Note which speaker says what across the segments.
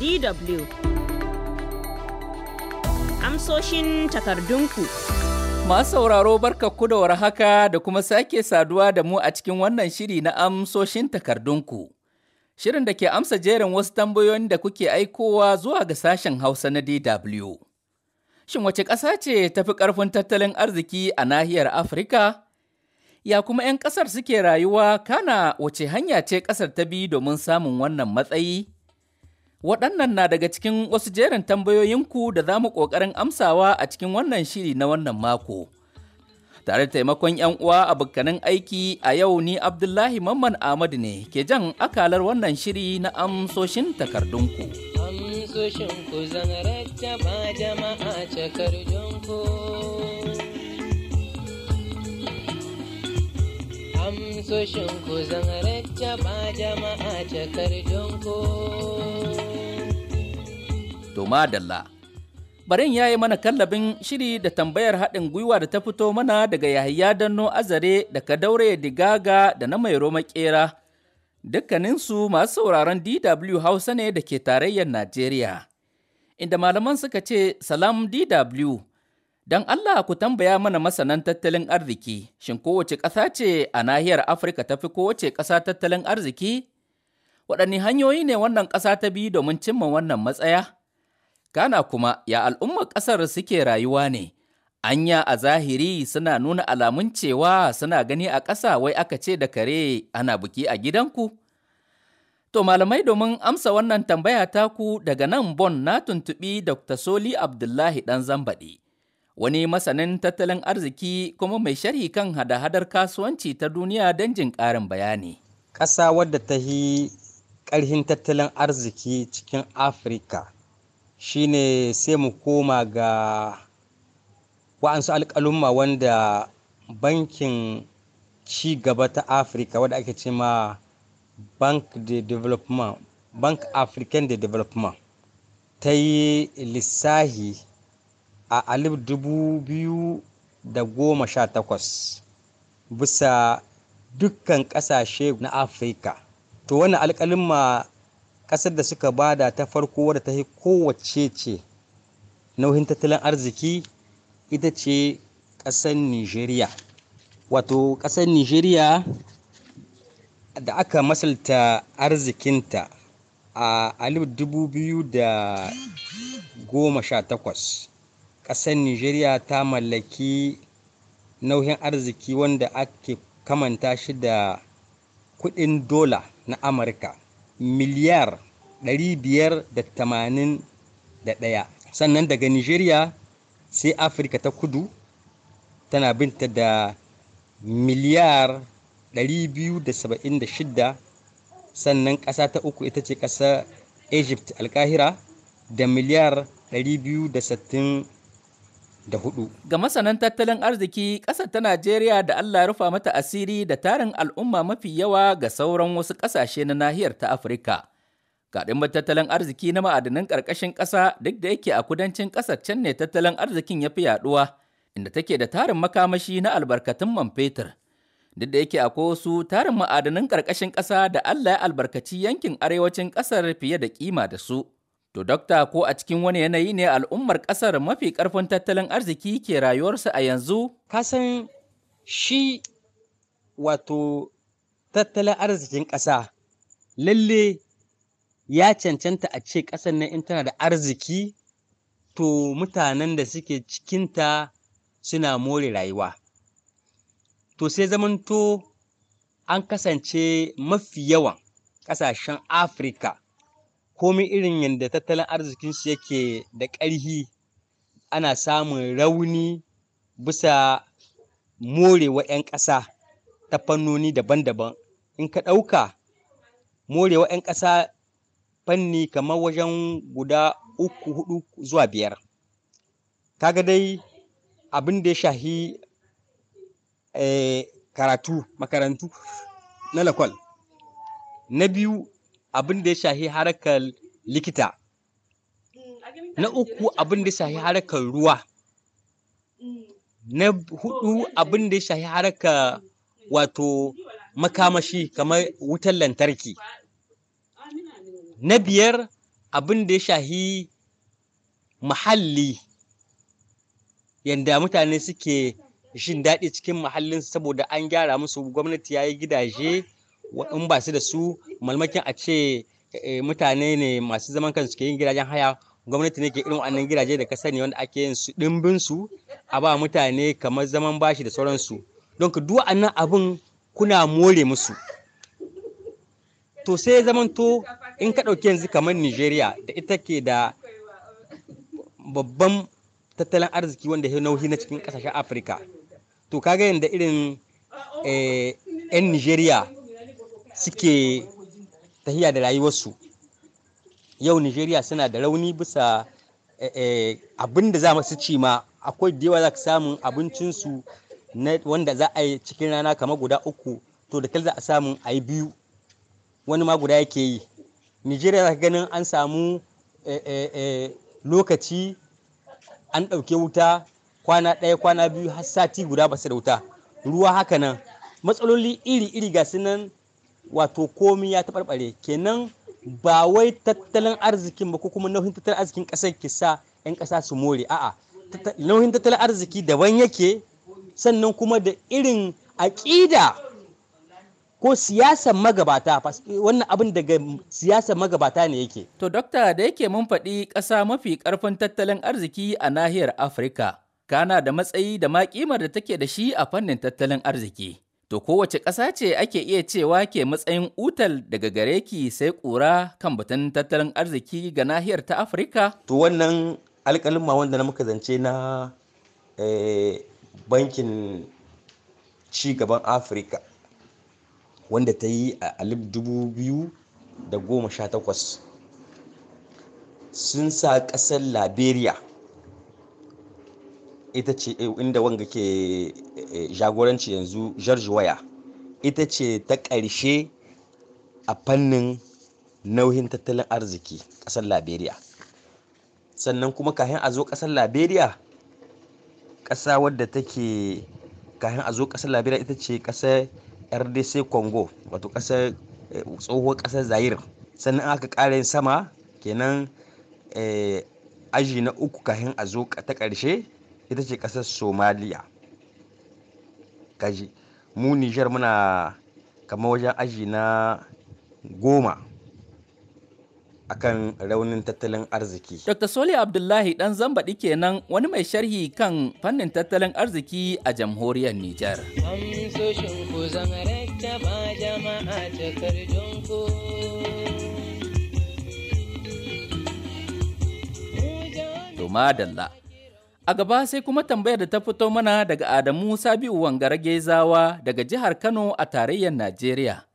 Speaker 1: DW. Amsoshin takardunku. Masu sauraro barka da haka da kuma sake saduwa da mu a cikin wannan shiri na amsoshin takardunku. Shirin da ke amsa jerin wasu tambayoyin da kuke aikowa zuwa ga sashen Hausa na DW. Shin wace ƙasa ce tafi ƙarfin tattalin arziki a nahiyar Afirka? ya kuma 'yan ƙasar suke rayuwa kana wace hanya ce ƙasar ta bi domin samun wannan matsayi? Waɗannan na daga cikin wasu jerin tambayoyinku da za mu ƙoƙarin amsawa a cikin wannan shiri na wannan mako. Tare da taimakon 'yan uwa a bukkanin aiki a yau ni Abdullahi Mamman Ahmad ne ke jan akalar wannan shiri na amsoshin takardunku. Amsoshin ku zan rattaba jama'a takardunku. amsoshin ku zan jama'a
Speaker 2: takardun ku.
Speaker 1: To madalla, barin ya yi mana kallabin shiri da tambayar haɗin gwiwa da ta fito mana daga Yahaya Danno Azare da Kadaure Digaga da na mai Roma Dukkaninsu masu sauraron DW Hausa ne da ke tarayyar Najeriya. Inda malaman suka ce, Salam DW. Don Allah ku tambaya mana masanan tattalin arziki, shin kowace ƙasa ce a nahiyar Afirka tafi kowace ƙasa tattalin arziki? Waɗanne hanyoyi ne wannan ƙasa ta bi domin cimma wannan matsaya? Kana kuma ya al'ummar ƙasar suke rayuwa ne, anya a zahiri suna nuna alamun cewa suna gani a ƙasa wai aka ce da kare ana buki a gidanku? To malamai domin amsa wannan tambaya taku daga nan Bon na tuntuɓi Dr. Soli Abdullahi ɗan Zambaɗi. wani masanin tattalin arziki kuma mai sharhi kan hada-hadar kasuwanci ta duniya don jin ƙarin bayani. Ƙasa wadda ta yi
Speaker 3: ƙarhin tattalin arziki cikin Afirka shine sai mu koma ga wa'ansu alƙalumma wanda bankin ci gaba ta Afirka wadda ake ce ma Bank de Development, Bank African de Development ta yi lissahi a alif dubu biyu da goma sha bisa dukkan ƙasashe na afirka to wani ma ƙasar da suka bada ta farko wadda ta yi kowace ce nauyin tattalin arziki ita ce ƙasar nigeria wato ƙasar nigeria da aka masalta arzikinta a alif dubu biyu da goma sha takwas ƙasar Nijeriya ta mallaki nauyin arziki wanda ake kamanta shi da kuɗin dola na amurka miliyar 581 sannan daga Nijeriya, sai afirka ta kudu tana binta da miliyar 276 sannan ƙasa ta
Speaker 1: uku ita ce ƙasar egypt alkahira da miliyar 260 da hudu. Ga masanan tattalin arziki ƙasar ta Najeriya da Allah rufa mata asiri da tarin al'umma mafi yawa ga sauran wasu ƙasashe na nahiyar ta Afirka. Ga tattalin arziki na ma'adanan ƙarƙashin ƙasa duk da yake a kudancin ƙasar can ne tattalin arzikin ya fi yaɗuwa, inda take da tarin makamashi na albarkatun man fetur. Duk da yake akwai wasu tarin ma'adanan ƙarƙashin ƙasa da Allah ya albarkaci yankin arewacin ƙasar fiye da kima da su. To dokta ko a cikin wani yanayi ne al'ummar ƙasar mafi ƙarfin tattalin arziki ke rayuwarsa a yanzu? Kasan shi wato tattalin arzikin ƙasa lalle
Speaker 3: ya cancanta a ce ƙasar nan in tana da arziki to mutanen da suke cikinta suna more rayuwa. To sai zamanto an kasance mafi yawan ƙasashen Afirka komi irin yadda tattalin arzikinsu yake da ƙarhi ana samun rauni bisa morewa 'yan ƙasa ta fannoni daban-daban in ka ɗauka morewa 'yan ƙasa fanni kamar wajen guda uku hudu zuwa biyar kaga dai abin da ya shahi eh, karatu makarantu na lakwal na biyu abin da ya shahi harakar likita na uku abin da ya shahi harakar ruwa na hudu abin da ya shahi harakar wato makamashi kamar wutar lantarki na biyar abin da ya shahi muhalli yadda mutane suke shin daɗi cikin muhallinsu saboda an gyara musu gwamnati ya yi gidaje in ba su da su malmakin a ce eh, mutane ne masu zaman kansu ke yin gidajen haya gwamnati ne ke irin wannan gidaje da ka sani wanda ake yin su dimbin su a ba mutane kamar zaman bashi da sauransu don ka duwa annan abin kuna more musu to sai ya zamanto in ka ɗauki yanzu kamar nigeria da ita ke da babban tattalin arziki wanda ya nauhi na cikin ƙasashen afirka to kaga yadda irin 'yan eh, nigeria suke tahiya da rayuwarsu yau nigeria suna da rauni bisa eh, eh, abin da za su ci ma akwai da yawa za ka samun abincinsu wanda za a yi cikin rana kamar guda uku to da kal za a samun a yi biyu wani ma guda yake yi nigeria za ka ganin an samu eh, lokaci an ɗauke wuta kwana ɗaya kwana biyu har sati guda ba su da wuta ruwa haka nan matsaloli iri-iri ga su nan wato komi ya taɓarɓare kenan ba wai tattalin arzikin ba ko kuma nauyin tattalin arzikin ƙasar ke sa 'yan ƙasa su more a'a nauyin tattalin arziki daban yake sannan kuma da irin
Speaker 1: aƙida ko siyasar magabata wannan abin daga siyasar magabata ne yake. To dokta da yake mun faɗi ƙasa mafi ƙarfin tattalin arziki a nahiyar Afirka, kana da matsayi da ma da take da shi a fannin tattalin arziki. To kowace ƙasa ce ake iya cewa ke matsayin utal daga gare ki sai ƙura kan batun tattalin arziki ga nahiyar ta Afirka? To wannan alƙalima wanda na
Speaker 3: muka zance na eh, bankin ci gaban Afirka wanda ta yi a alif dubu biyu da goma sha takwas sun sa ƙasar Liberia ita ce eh, inda wanga ke eh, jagoranci yanzu George Waya ita ce ta ƙarshe a fannin nauyin tattalin arziki ƙasar Liberia sannan kuma kahin a zo ƙasar Liberia ƙasa wadda take kahin a zo ƙasar Liberia ita ce ƙasar RDC Congo wato ƙasar eh, tsohuwar ƙasar Zaire sannan aka ƙara yin sama kenan aji na uku kahin a zo ta ƙarshe ita ce ƙasar somaliya kaji mu nijar muna kama wajen aji na goma
Speaker 1: akan raunin tattalin arziki. Dr. Soli Abdullahi dan zambaɗi kenan wani mai sharhi kan fannin tattalin arziki a jamhuriyar Nijar.
Speaker 2: Amsoshin
Speaker 1: Doma Dalla. A gaba sai kuma tambayar da ta fito mana daga Adamu Sabiu Wangara Gezawa daga jihar Kano a tarayyar Najeriya.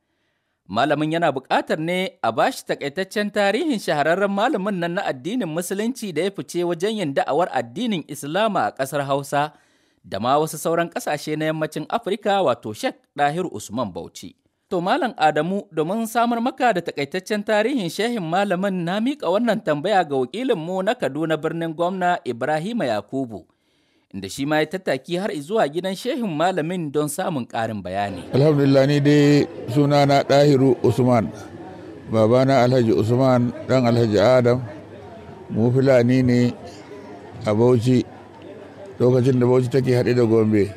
Speaker 1: Malamin yana buƙatar ne a ba shi takaitaccen tarihin shahararren malamin nan na addinin Musulunci da ya fice wajen yin da'awar addinin Islama a ƙasar Hausa da ma wasu sauran ƙasashe na yammacin Afirka wato Sheikh Dahir Usman Bauchi. To Malam Adamu domin samar maka da takaitaccen tarihin shehin malamin na miƙa wannan tambaya ga wakilinmu na Kaduna birnin gwamna Ibrahima Yakubu. Inda shi ma ya tattaki har zuwa gidan shehin malamin don samun ƙarin bayani.
Speaker 4: Alhamdulillah ni dai suna na Ɗahiru Usman, babana Alhaji Usman dan Alhaji Adam, mu Fulani ne a Bauchi lokacin da Bauchi take haɗe da Gombe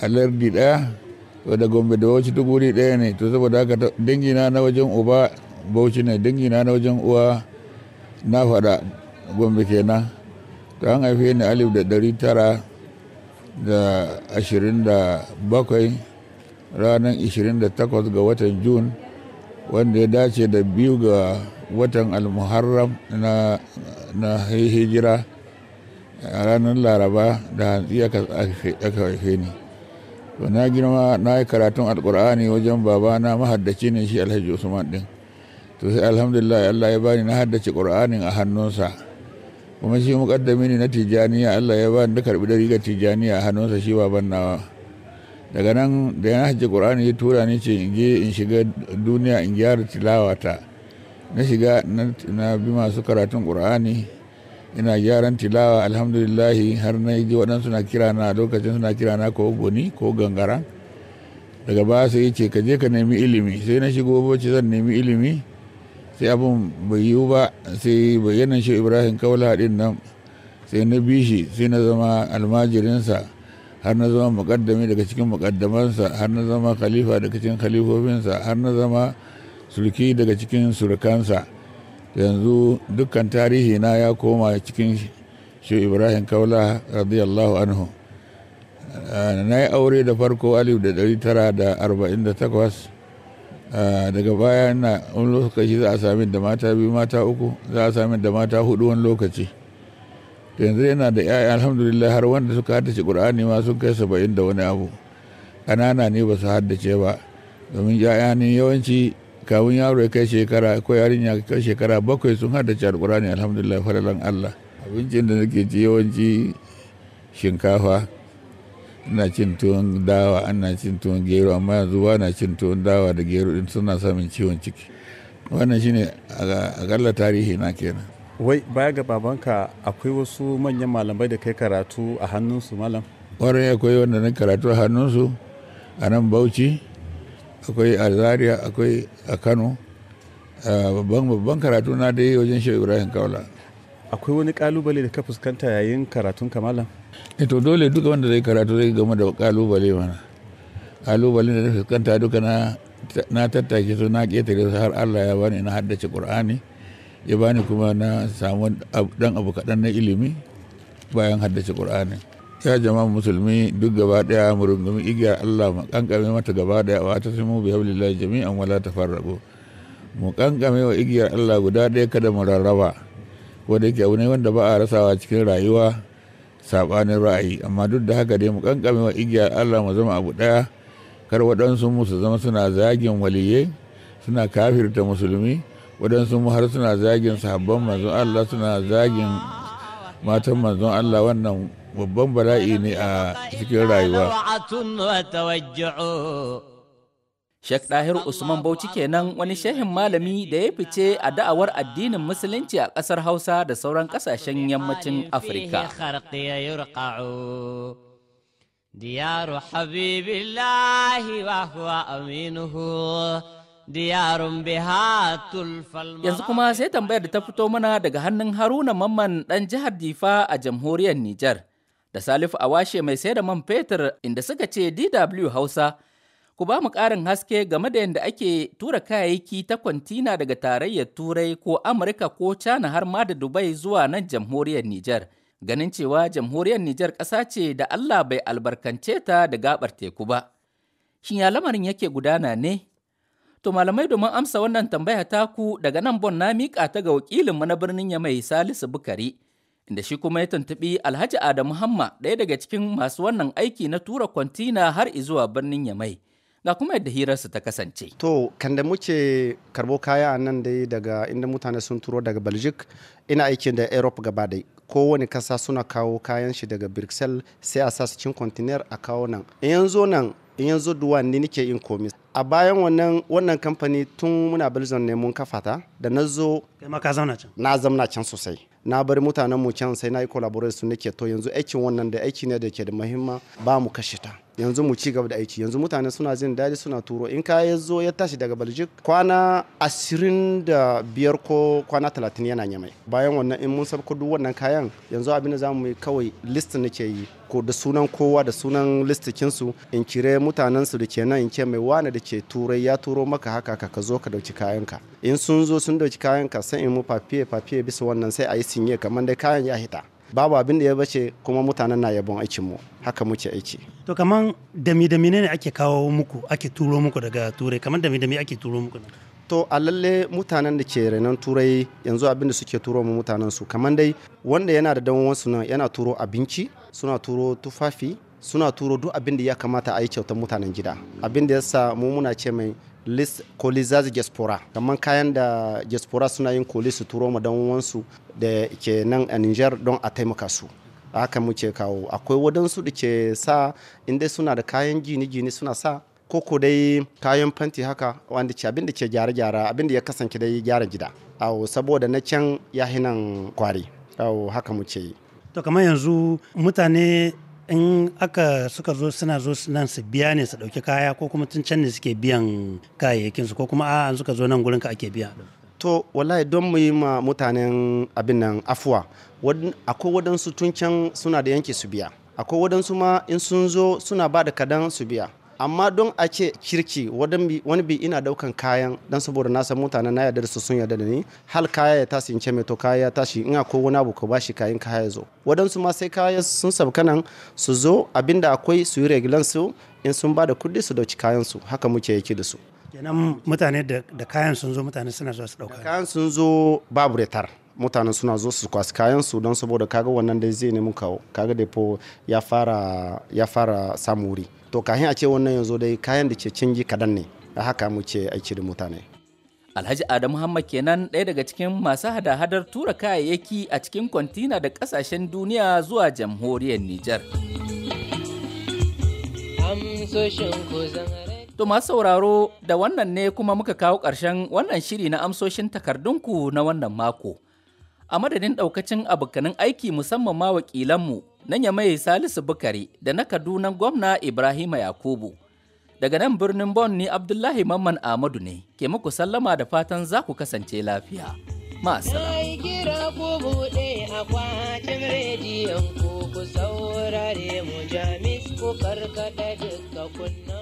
Speaker 4: a lardi ɗaya to da gombe da bauchi duk wuri ɗaya ne to saboda haka dangina na wajen uba bauchi ne dangina na wajen uwa na fada gombe kenan to an haife ni alif da ɗari tara da ashirin da bakwai ranar ashirin da takwas ga watan jun wanda ya dace da biyu ga watan almuharram na, na hijira ranar laraba da hantsi aka haife ni to na girma na yi karatun alkur'ani wajen babana mahaddaci ne shi alhaji usman din to sai alhamdulillah allah ya bani na haddace qur'anin a hannunsa kuma shi mukaddami ne na tijaniya allah ya bani da karbi da rigar tijaniya a hannunsa shi baban nawa daga nan da ya hajji qur'ani ya tura ni ce in je in shiga duniya in gyara tilawata na shiga na bi masu karatun qur'ani ina gyaran tilawa alhamdulillahi har na ji waɗansu na kira na lokacin suna kira na ko goni ko gangara daga baya sai ce ka je ka nemi ilimi sai na shigo bacci zan nemi ilimi sai abin bai yiwu ba sai bayyanan shi ibrahim kawula haɗin nan sai na bi shi sai na zama almajirinsa har na zama mukaddami daga cikin mukaddamansa har na zama khalifa daga cikin khalifofinsa har na zama sulki daga cikin surukansa yanzu dukkan tarihi na ya koma cikin shi ibrahim kaula radiyallahu anhu ah, na yi aure da farko alif da ɗari tara da arba'in da takwas ah, daga baya na wani lokaci za a sami da mata biyu mata uku za a sami da mata hudu wani lokaci yanzu yana da ya'ya alhamdulillah har wanda suka haddace ƙur'ani ma sun kai saba'in da wani abu ƙanana ne ba su haddace ba domin ya'ya ne yawanci kawun yaro ya kai shekara ko yarinya ya kai shekara bakwai sun hada ci ne alhamdulillah falalan Allah abincin da nake ci yawanci shinkafa ina cin tuwon dawa ana cin tuwon gero amma yanzu ba na cin tuwon dawa da gero din suna samun ciwon ciki wannan shine akalla tarihi na kenan wai baya ga babanka akwai wasu manyan malamai da kai karatu a hannunsu malam warin akwai wanda na karatu a hannunsu a nan bauchi akwai a zaria akwai a kano babban babban karatu na dai wajen shehu ibrahim kaula akwai wani kalubale da ka fuskanta yayin karatun kamala eh to dole duka wanda zai karatu zai game da kalubale mana kalubale da na fuskanta duka na tattake su na ketare su har allah ya bani na haddace qur'ani ya bani kuma na samu dan abu kaɗan na ilimi bayan haddace qur'ani ya jama'a musulmi duk gaba daya mu rungumi igiyar Allah mu kankame mata gaba daya wa ta simu bi hablillahi jami'an wala tafarraqu mu kankame wa igiyar Allah guda daya kada mu rarraba wanda yake abu ne wanda ba a rasawa cikin rayuwa sabanin ra'ayi amma duk da haka dai mu kankame wa igiyar Allah mu zama abu daya kar waɗansu mu su zama suna zagin waliye suna kafirta musulmi waɗansu mu har suna zagin sahabban manzon Allah suna zagin matan manzon Allah wannan babban bala'i ne a cikin rayuwa.
Speaker 1: Sheikh Dahir Usman Bauchi kenan wani shehin malami da ya fice a da'awar addinin Musulunci a ƙasar Hausa da sauran ƙasashen yammacin Afirka. ديار حبيب الله وهو أمينه diyarun yanzu kuma sai tambayar da ta fito mana daga hannun haruna mamman dan jihar difa a jamhuriyar nijar da Salifu Awashe mai sayar da man fetur inda suka ce DW Hausa ku ba mu ƙarin haske game da yadda ake tura kayayyaki ta kwantina daga tarayyar Turai ko Amurka ko Cana har ma da Dubai zuwa nan jamhuriyar Nijar. Ganin cewa jamhuriyar Nijar ƙasa ce da Allah bai albarkance ta da gabar teku ba. Shin ya lamarin yake gudana ne? To malamai domin amsa wannan tambaya taku daga nan bon na miƙa ta ga wakilinmu na birnin ya mai Salisu Bukari. inda shi kuma ya tuntuɓi Alhaji Adamu Hamma ɗaya daga cikin masu wannan aiki na tura kwantina har izuwa birnin Yamai. Ga kuma yadda hirarsu ta kasance.
Speaker 2: To, kan da muke karbo kaya a nan dai daga inda mutane sun turo daga Belgic, ina aikin da Europe gaba dai. kowane kasa suna kawo kayan shi daga Brussels sai a sa su cin a kawo nan. In zo nan in yanzu duwa ni nike yin komi a bayan wannan wannan kamfani tun muna belgium ne mun kafa ta da na zo kai ma ka zauna can na zauna can sosai na bar mutanen mu can sai na yi collaboration su nake to yanzu aikin wannan da aiki ne da ke da muhimma ba mu kashe ta yanzu mu ci gaba da aiki yanzu mutane suna jin daɗi suna turo in ka ya zo ya tashi daga baljik kwana ashirin da biyar ko kwana talatin yana nyamai bayan wannan in mun sabko duk wannan kayan yanzu abin da za mu yi kawai list nake yi ko da sunan kowa da sunan listikinsu in kire mutanensu da ke nan in ce mai wane da ke turai ya turo maka haka ka zo ka dauki kayanka in sun zo sun dauki kayanka sai in mu papiye papiye bisa wannan sai a yi sinye kamar dai kayan ya hita babu abin da ya bace kuma mutanen na yabon aikin mu haka muke aiki to kaman dami dami ne ake kawo muku ake turo muku daga turai kaman dami dami ake turo muku to a lalle mutanen da ke renon turai yanzu abin da suke turo mu mutanen su kaman dai wanda yana da damuwan su nan yana turo abinci suna turo tufafi suna turo duk abin da ya kamata a yi kyautar mutanen gida abin da ya sa mu muna ce mai koli za diaspora kamar kayan da diaspora suna yin koli su turo mu dan wansu da ke nan a Niger don a taimaka su haka muke kawo akwai wadansu da ke sa inda suna da kayan gini-gini suna sa koko dai kayan fanti haka wanda ce abin da ke gyara-gyara abin da ya kasance dai gyara gida awo saboda na can ya hinan kwari awo haka muke yi to kamar yanzu mutane in aka suka zo suna zo nan su biya ne su ɗauki kaya ko kuma tun can ne suke biyan su ko kuma an suka zo nan gurin ka ake biya to wallahi don mu yi ma mutanen abin nan afuwa akwai wadansu tun can suna da yanki su biya akwai wadansu ma in sun zo suna ba da kadan su biya amma don a ce kirki wani bi ina daukan kayan dan saboda na san mutane na yarda da su sun yarda da ni hal kaya ya tashi in ce mai to kaya ya tashi ina ko wani abu ka bashi kayan kaya ya zo wadansu ma sai kaya sun sabka nan su zo abinda akwai su yi regilan in sun ba da kudi su dauki kayansu haka muke yake da su kenan mutane da kayan sun zo mutane suna zuwa su dauka kayan sun zo babu retar mutanen suna zo su kwasi kayan su don saboda kaga wannan da zai nemi kawo kaga depo ya fara ya samu wuri to kahin a ce wannan yanzu dai kayan da ke canji kadan ne a haka mu ce aiki da mutane
Speaker 1: Alhaji Adamu Muhammad kenan ɗaya daga cikin masu hada-hadar tura kayayyaki a cikin kwantina da ƙasashen duniya zuwa jamhuriyar Nijar. To masu sauraro da wannan ne kuma muka kawo ƙarshen wannan shiri na amsoshin takardunku na wannan mako. A madadin ɗaukacin abokanin aiki musamman ma wakilanmu na Nyamai Salisu Bukari da na Kaduna gwamna Ibrahima Yakubu. Daga nan birnin Bon ni Abdullahi Mamman Ahmadu ne ke muku sallama da fatan za ku kasance lafiya. buɗe Ma'asala.